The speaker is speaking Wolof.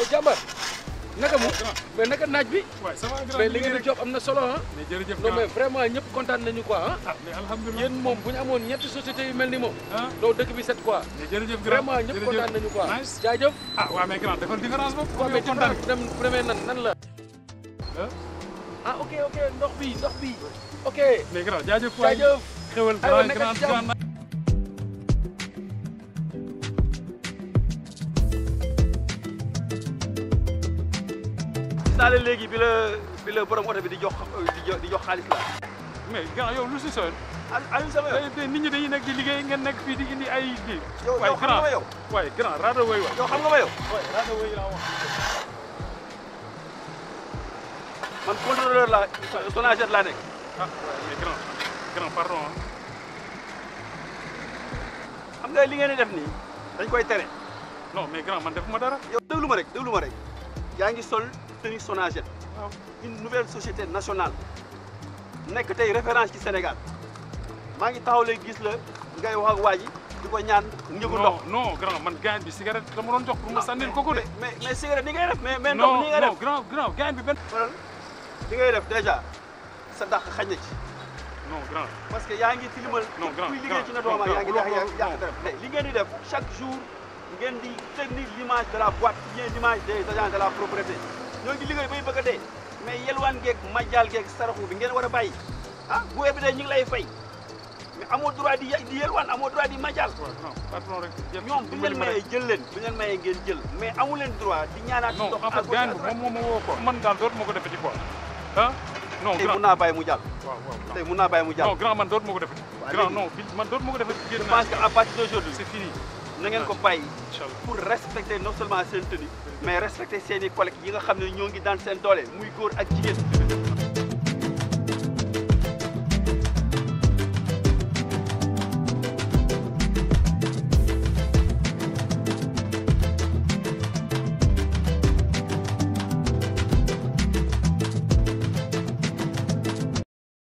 mais eh, jàmbaar naka mu mais naka naaj bi. waay sama mais li ngeen di am na solo ah. mais jërëjëf non mais vraiment ñëpp kontaan nañu quoi ah. ah mais alhamdulilah yéen moom bu ñu amoon ñetti sociétés yu mel ni moom. ah non dëkk bi set quoi. mais jërëjëf grand vraiment ñëpp kontaan nañu quoi. jaajëf ah waaw mais grand defal différence boobu. waaw mais kontaan nan la. Ah. ah ok ok ndox bi ndox bi ok. mais grand jaajëf waay jaajëf xewal naa leen léegi bi la bi la borom oto bi di jox di jox la mais grand yow lu si soon Aliou Sama yow nit ñi nekk liggéey ngeen nekk fii di indi ay di yow grand waay a raado wooy yow xam nga ma yow waay raado wooy laa wax man contrôleur la laa nekk ah mais grand grand pardon xam nga li ngeen def nii dañ koy tere non mais grand man ma dara yow déglu ma rek déglu ma rek yaa ngi sol soutenir Sonaged une nouvelle société nationale nekk tey référence ci Sénégal maa ngi taxaw léegi gis la ngay wax ak waa ji di ko ñaan njëgu ndox non grand man gaañ bi cigarette dama doon jox pour ma sànnil ko ko de mais mais cigarette ni ngay def mais ndox ni ngay def non grand grand gaañ bi benn li ngay def déjà sa dàq xañ non grand parce que yaa ngi tilimal non grand kuy liggéey ci yaa ngi yàq yàq dara li ngeen di def chaque jour ngeen di tenir l'image de la boîte bien l'image des ñoo ngi liggéey bay bëgg a dee mais yelwaan geeg majjaal geeg saraxu bi ngeen war a bàyyi ah bu bi ñu ngi lay fay mais amoo droit di di yelwaan amoo droit di majjaal. ñoom bu ngeen mayee jël leen bu ngeen mayee ngeen jël mais amu leen droit di ñaanaat. non en a gaañ bi moom moo woo ko man daal dootuma ko defati quoi ah. non grand tey mun naa bàyyi mu jàll. tey mun naa bàyyi mu jàll. non man dootuma ko defati. grand man dootuma ko defati. je pense que à partir na ngeen ko bàyyi pour respecter non seulement seen tenue mais respecter seen i collègues yi nga xam ne ñoo ngi daan seen doole muy góor ak jigéen